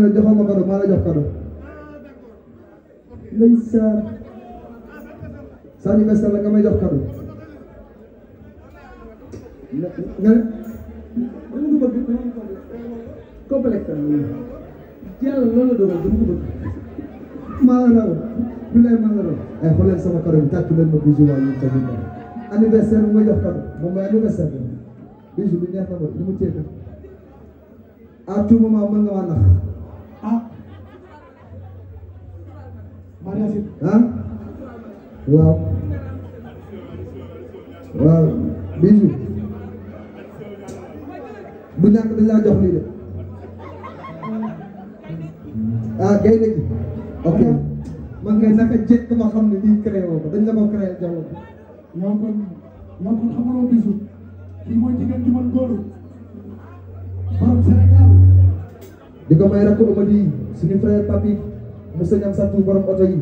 ne la joxoon ma kado maa la jox kado lay saar Sadio Mester la nga may jox kado nga nga dama ko bëgg complexe yàlla loolu la doon dama ko bëgg maa la raw bilaay maa la raw ay xoolal sama kado bi tàcc leen ma bijou waa ñu tàcc anniversaire bi ma jox kado moom mooy anniversaire bijou bi neex na ma li mu téye à tout moment mën nga waa nax ah waaw waaw bijou bu ñàkk dañ laa jox lii de ah gaynde gi ok man kay naka jekk ma xam ne lii créé woo ko dañ la ko créé jaww ji yow kon yow kon xamaloo bijou kii mooy jigéen ji man góoru borom Sénégal di ko may rakk Amady suñu frère papi monsieur Niang Santu borom oto yi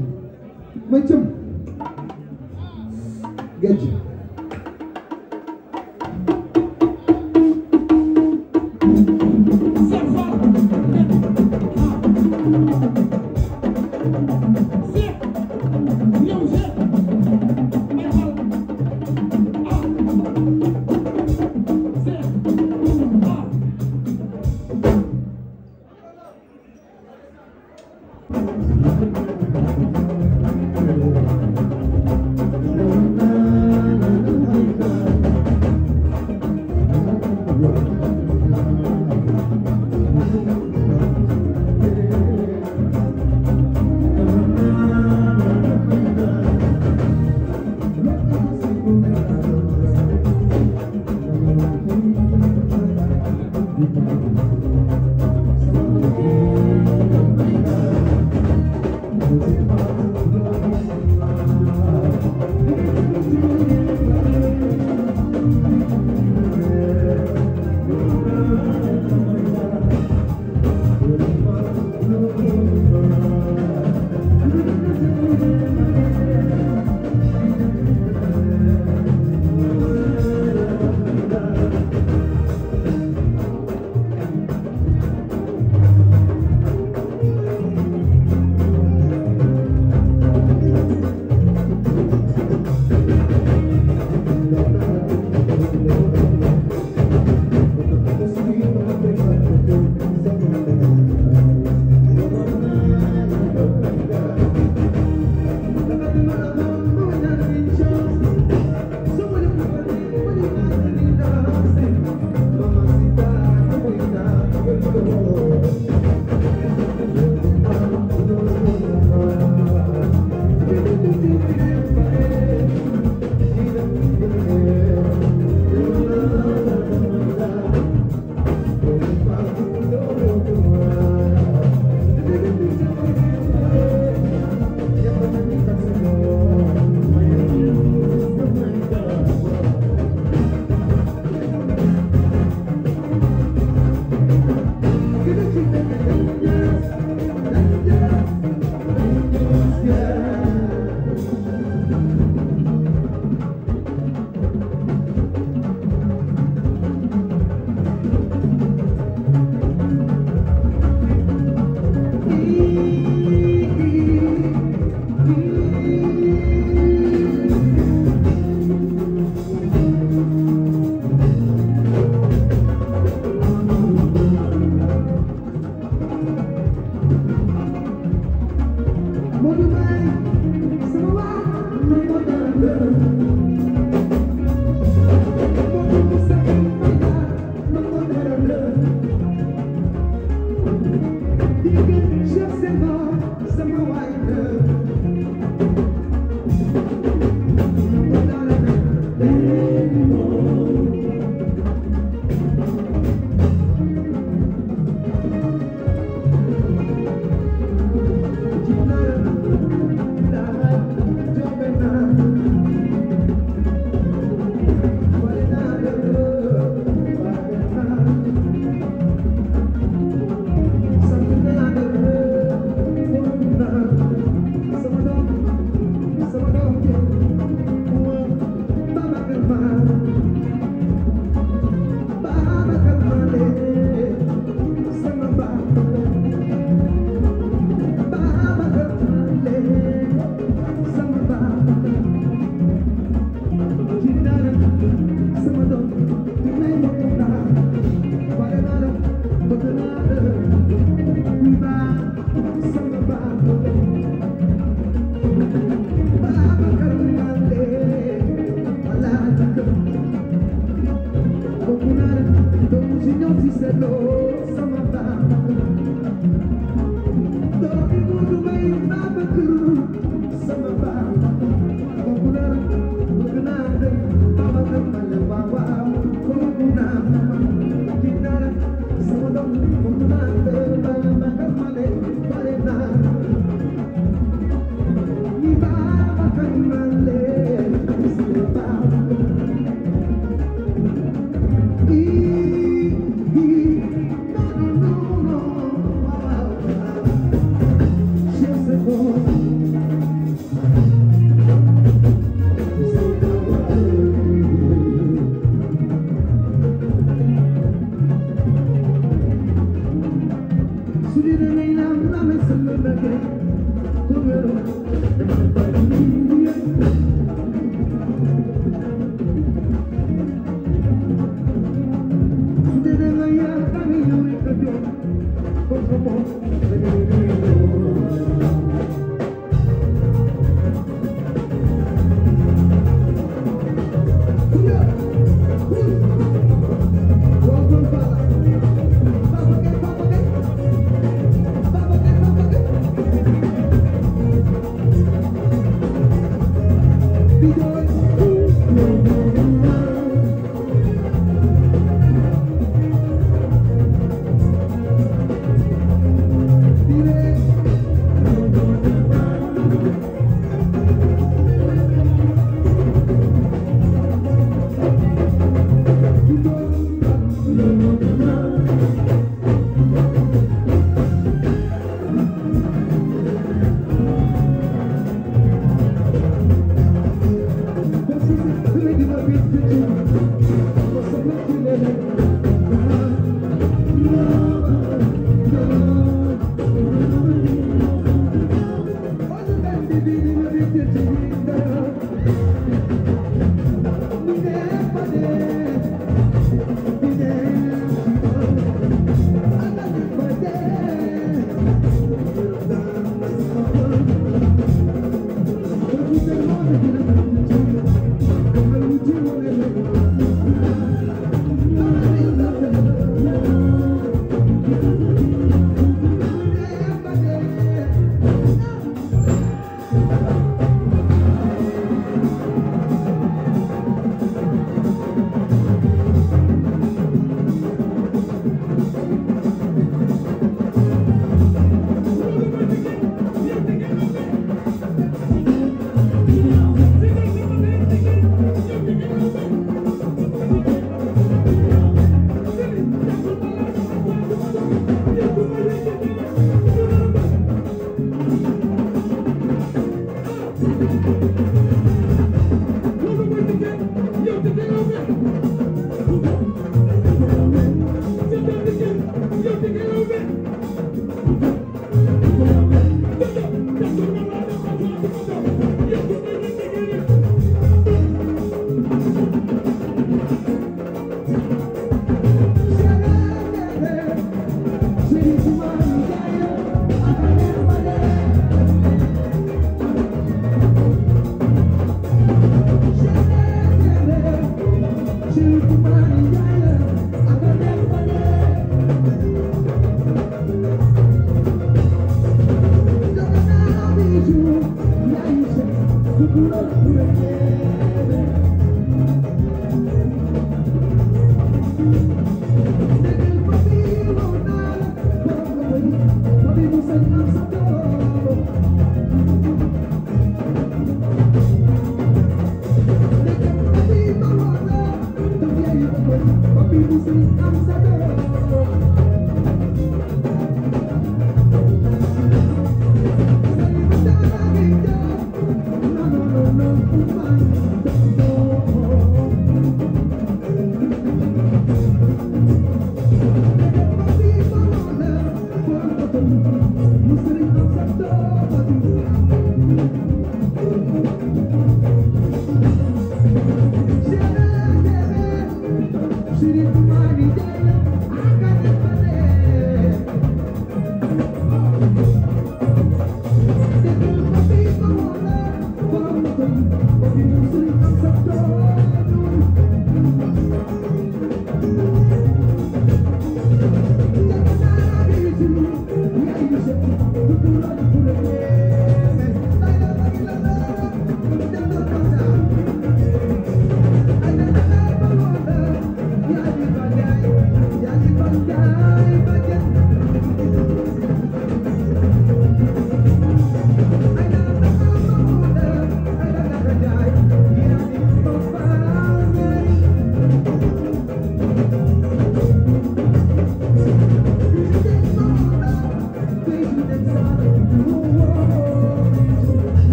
ma cëm géej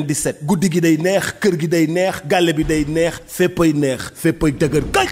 97 guddi gi day neex kër gi day neex gàlle bi day neex ay neex ay dëgër kay